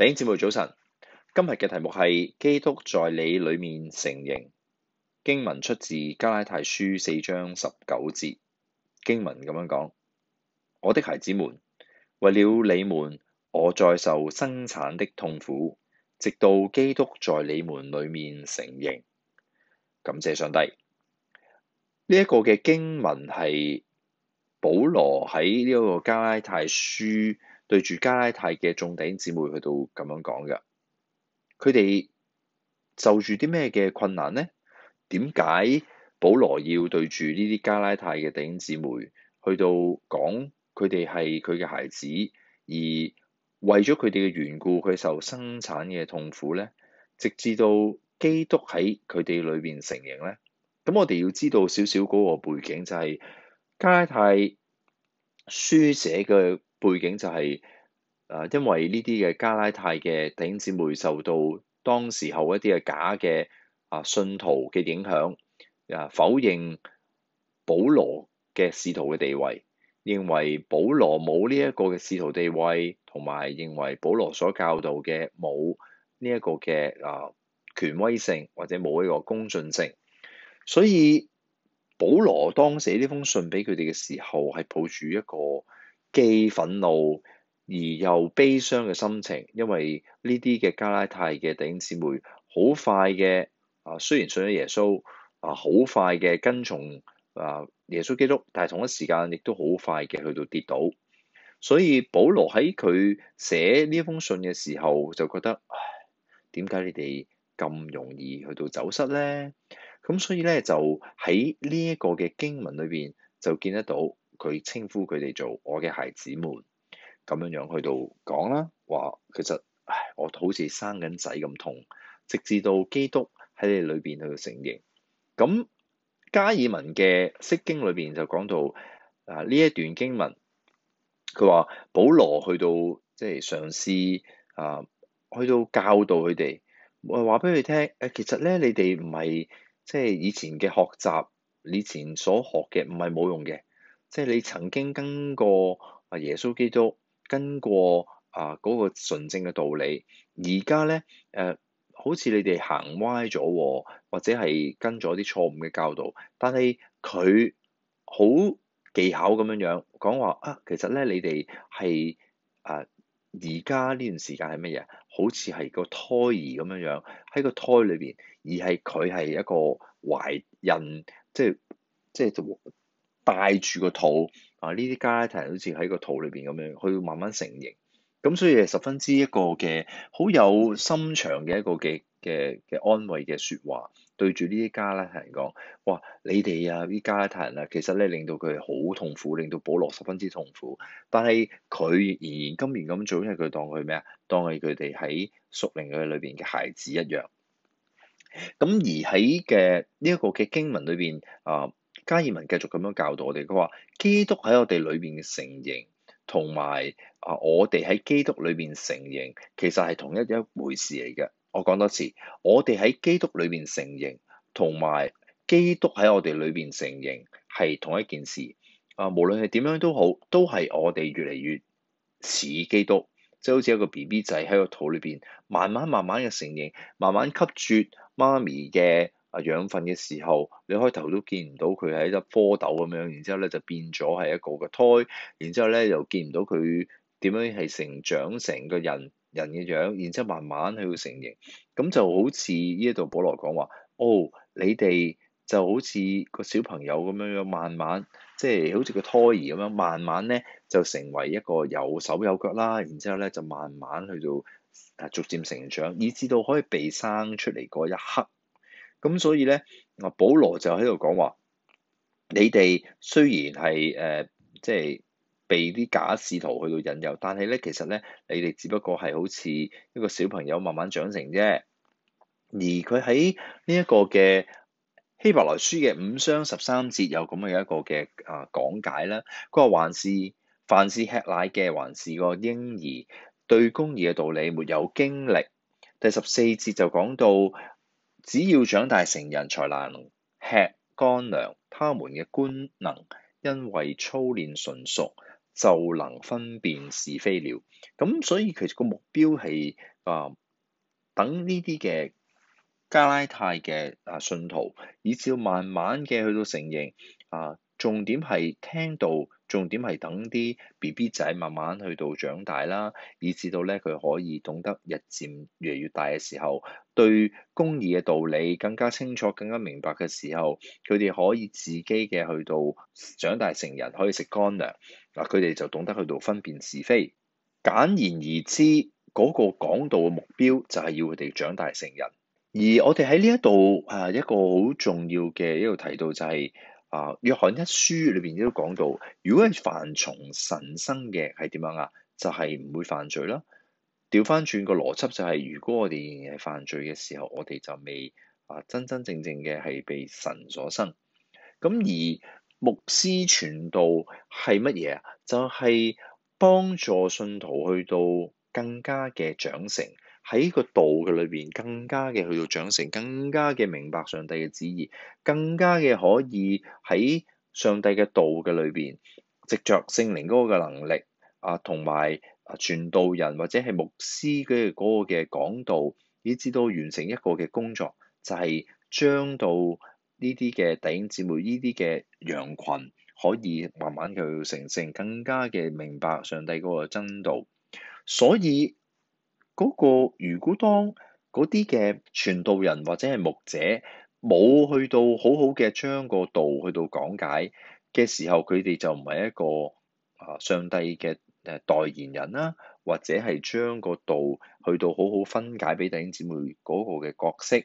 弟兄姐妹，早晨，今日嘅題目係基督在你裏面成形。經文出自加拉太書四章十九節。經文咁樣講：我的孩子們，為了你們，我再受生產的痛苦，直到基督在你們裏面成形。感謝上帝。呢、這、一個嘅經文係保羅喺呢一個加拉太書。對住加拉太嘅眾弟兄姊妹去到咁樣講嘅，佢哋受住啲咩嘅困難呢？點解保羅要對住呢啲加拉太嘅弟兄姊妹去到講佢哋係佢嘅孩子，而為咗佢哋嘅緣故，佢受生產嘅痛苦呢？直至到基督喺佢哋裏面成形呢？咁我哋要知道少少嗰個背景，就是，就係加拉太書寫嘅。背景就係誒，因為呢啲嘅加拉太嘅弟兄姊妹受到當時候一啲嘅假嘅啊信徒嘅影響，啊否認保羅嘅使徒嘅地位，認為保羅冇呢一個嘅使徒地位，同埋認為保羅所教導嘅冇呢一個嘅啊權威性或者冇呢個公信性，所以保羅當寫呢封信俾佢哋嘅時候，係抱住一個既憤怒而又悲傷嘅心情，因為呢啲嘅加拉太嘅弟兄姊妹好快嘅啊，雖然信咗耶穌啊，好快嘅跟從啊耶穌基督，但係同一時間亦都好快嘅去到跌倒。所以保羅喺佢寫呢一封信嘅時候，就覺得唉，點解你哋咁容易去到走失咧？咁所以咧就喺呢一個嘅經文裏邊就見得到。佢稱呼佢哋做我嘅孩子們，咁樣樣去到講啦，話其實唉我好似生緊仔咁痛，直至到基督喺你裏邊去到成形。咁加爾文嘅釋經裏邊就講到啊呢一段經文，佢話保羅去到即係嘗試啊，去到教導佢哋話話俾佢聽，誒其實咧，你哋唔係即係以前嘅學習，以前所學嘅唔係冇用嘅。即係你曾經跟過啊耶穌基督，跟過啊嗰個純正嘅道理，而家咧誒，好似你哋行歪咗，或者係跟咗啲錯誤嘅教導，但係佢好技巧咁樣樣講話啊，其實咧你哋係啊，而家呢段時間係乜嘢？好似係個胎兒咁樣樣，喺個胎裏邊，而係佢係一個懷孕，即係即係就。帶住個肚啊！呢啲加拉太人好似喺個肚裏邊咁樣，去慢慢成形。咁所以十分之一個嘅好有心腸嘅一個嘅嘅嘅安慰嘅説話，對住呢啲加拉太人講：哇！你哋啊，啲加拉太人啊，其實咧令到佢好痛苦，令到保羅十分之痛苦。但係佢仍然今年咁做，因為佢當佢咩啊？當係佢哋喺屬靈嘅裏邊嘅孩子一樣。咁而喺嘅呢一個嘅經文裏邊啊～加爾文繼續咁樣教導我哋，佢話：基督喺我哋裏面嘅成形，同埋啊，我哋喺基督裏面成形，其實係同一一回事嚟嘅。我講多次，我哋喺基督裏面成形，同埋基督喺我哋裏面成形係同一件事。啊，無論係點樣都好，都係我哋越嚟越似基督，即係好似一個 B B 仔喺個肚裏邊，慢慢慢慢嘅成形，慢慢吸住媽咪嘅，啊，養分嘅時候，你開頭都見唔到佢係一粒蝌蚪咁樣，然之後咧就變咗係一個個胎，然之後咧又見唔到佢點樣係成長成個人人嘅樣，然之後慢慢去到成形，咁就好似呢一度保羅講話，哦，你哋就好似個小朋友咁樣樣，慢慢即係、就是、好似個胎兒咁樣，慢慢咧就成為一個有手有腳啦，然之後咧就慢慢去到啊逐漸成長，以至到可以被生出嚟嗰一刻。咁所以咧，阿保羅就喺度講話：你哋雖然係誒、呃，即係被啲假使徒去到引誘，但係咧，其實咧，你哋只不過係好似一個小朋友慢慢長成啫。而佢喺呢一個嘅希伯來書嘅五章十三節有咁嘅一個嘅啊講解啦。佢話：還是凡是吃奶嘅，還是個嬰兒，對公義嘅道理沒有經歷。第十四節就講到。只要長大成人才能吃乾糧，他們嘅官能因為操練純熟，就能分辨是非了。咁所以其實個目標係啊，等呢啲嘅加拉太嘅啊信徒，以至慢慢嘅去到成形啊，重點係聽到。重點係等啲 B B 仔慢慢去到長大啦，以至到咧佢可以懂得日漸越嚟越大嘅時候，對公義嘅道理更加清楚、更加明白嘅時候，佢哋可以自己嘅去到長大成人，可以食乾糧嗱，佢哋就懂得去到分辨是非。簡言而之，嗰個講道嘅目標就係要佢哋長大成人。而我哋喺呢一度誒，一個好重要嘅一度提到就係。啊，約翰一書裏邊亦都講到，如果係凡從神生嘅係點樣啊？就係、是、唔會犯罪啦。調翻轉個邏輯就係、是，如果我哋係犯罪嘅時候，我哋就未啊真真正正嘅係被神所生。咁而牧師傳道係乜嘢啊？就係、是、幫助信徒去到更加嘅長成。喺個道嘅裏邊，更加嘅去到長成，更加嘅明白上帝嘅旨意，更加嘅可以喺上帝嘅道嘅裏邊，藉着聖靈嗰個嘅能力啊，同埋啊傳道人或者係牧師嘅嗰個嘅講道，以至到完成一個嘅工作，就係、是、將到呢啲嘅弟兄姊妹，呢啲嘅羊群，可以慢慢嘅去到成聖，更加嘅明白上帝嗰個真道，所以。嗰個如果當嗰啲嘅傳道人或者係牧者冇去到好好嘅將個道去到講解嘅時候，佢哋就唔係一個啊上帝嘅誒代言人啦，或者係將個道去到好好分解俾弟兄姊妹嗰個嘅角色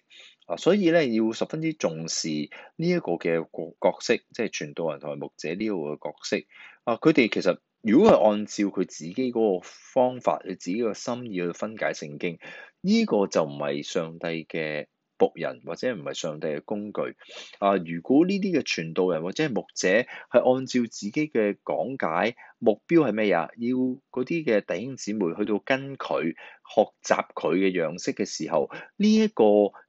啊，所以咧要十分之重視呢一個嘅角角色，即係傳道人同埋牧者呢個嘅角色啊，佢哋其實。如果係按照佢自己嗰個方法，佢自己嘅心意去分解聖經，呢個就唔係上帝嘅僕人，或者唔係上帝嘅工具。啊，如果呢啲嘅傳道人或者係牧者係按照自己嘅講解目標係咩嘢？要嗰啲嘅弟兄姊妹去到跟佢學習佢嘅樣式嘅時候，呢一個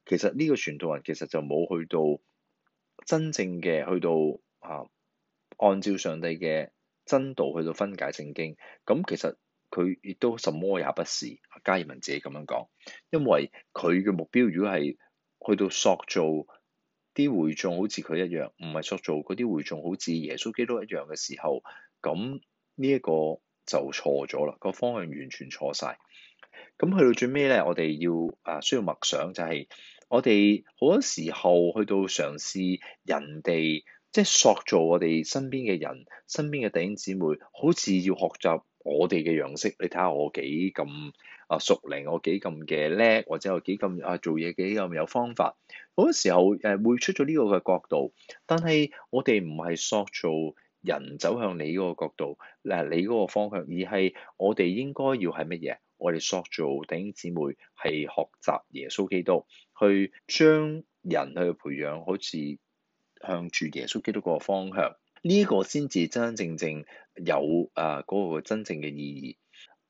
其實呢個傳道人其實就冇去到真正嘅去到啊，按照上帝嘅。真道去到分解聖經，咁其實佢亦都什麼也不是。加爾文自己咁樣講，因為佢嘅目標如果係去到塑造啲會眾好似佢一樣，唔係塑造嗰啲會眾好似耶穌基督一樣嘅時候，咁呢一個就錯咗啦，個方向完全錯晒。咁去到最尾咧，我哋要啊需要默想，就是，就係我哋好多時候去到嘗試人哋，即係塑造我哋身邊嘅人，身邊嘅弟兄姊妹，好似要學習我哋嘅樣式。你睇下我幾咁啊熟齡，我幾咁嘅叻，或者我幾咁啊做嘢幾咁有方法。好多時候誒，會出咗呢個嘅角度，但係我哋唔係塑造人走向你嗰個角度，誒你嗰個方向，而係我哋應該要係乜嘢？我哋塑造弟兄姊妹係學習耶穌基督，去將人去培養，好似，向住耶穌基督個方向，呢個先至真真正正有啊嗰個真正嘅意義。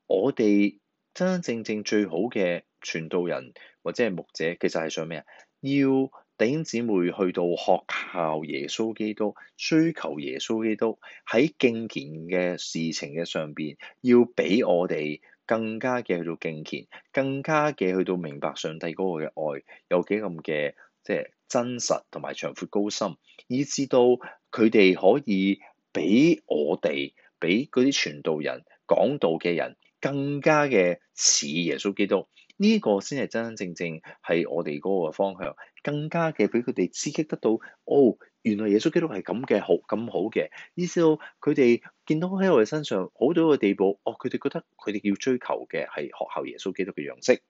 我哋真真正正最好嘅傳道人或者係牧者，其實係想咩啊？要弟兄姊妹去到學效耶穌基督，追求耶穌基督喺敬虔嘅事情嘅上邊，要俾我哋更加嘅去到敬虔，更加嘅去到明白上帝嗰個嘅愛有幾咁嘅即係。真實同埋長闊高深，以至到佢哋可以俾我哋、俾嗰啲傳道人講道嘅人更加嘅似耶穌基督。呢個先係真真正正係我哋嗰個方向，更加嘅俾佢哋刺激得到哦。原來耶穌基督係咁嘅，好咁好嘅，以至到佢哋見到喺我哋身上好到一個地步，哦，佢哋覺得佢哋要追求嘅係學效耶穌基督嘅樣式。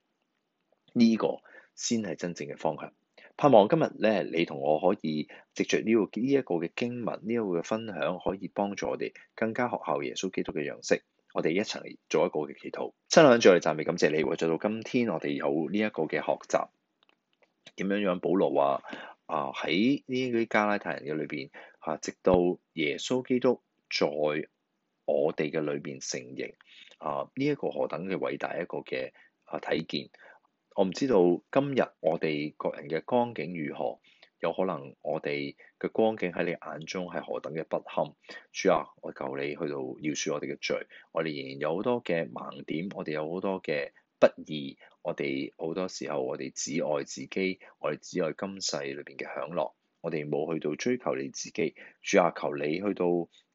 呢個先係真正嘅方向。盼望今日咧，你同我可以藉著呢個呢一個嘅經文，呢一個嘅分享，可以幫助我哋更加學習耶穌基督嘅樣式。我哋一齊做一個嘅祈禱，分享在我哋讚美，感謝你。我再到今天，我哋有呢一個嘅學習，點樣樣？保羅話啊，喺呢啲加拉太人嘅裏邊啊，直到耶穌基督在我哋嘅裏邊成形啊，呢、這、一個何等嘅偉大一個嘅啊睇見。我唔知道今日我哋各人嘅光景如何，有可能我哋嘅光景喺你眼中係何等嘅不堪。主啊，我求你去到要恕我哋嘅罪，我哋仍然有好多嘅盲點，我哋有好多嘅不義，我哋好多時候我哋只愛自己，我哋只愛今世裏邊嘅享樂，我哋冇去到追求你自己。主啊，求你去到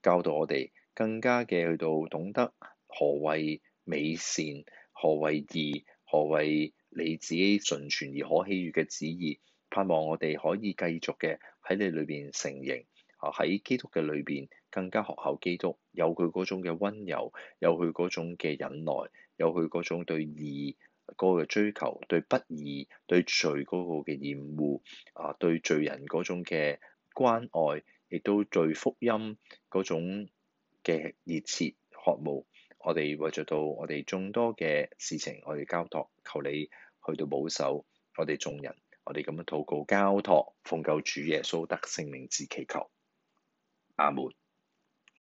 教導我哋，更加嘅去到懂得何謂美善，何謂義。何為你自己純全而可喜悅嘅旨意？盼望我哋可以繼續嘅喺你裏邊成形，啊喺基督嘅裏邊更加學效基督，有佢嗰種嘅温柔，有佢嗰種嘅忍耐，有佢嗰種對義嗰嘅、那個、追求，對不義對罪嗰個嘅厭惡，啊對罪人嗰種嘅關愛，亦都對福音嗰種嘅熱切渴慕。我哋為咗到我哋眾多嘅事情，我哋交託求你去到保守我哋眾人，我哋咁樣禱告交託，奉救主耶穌得聖靈之祈求，阿門。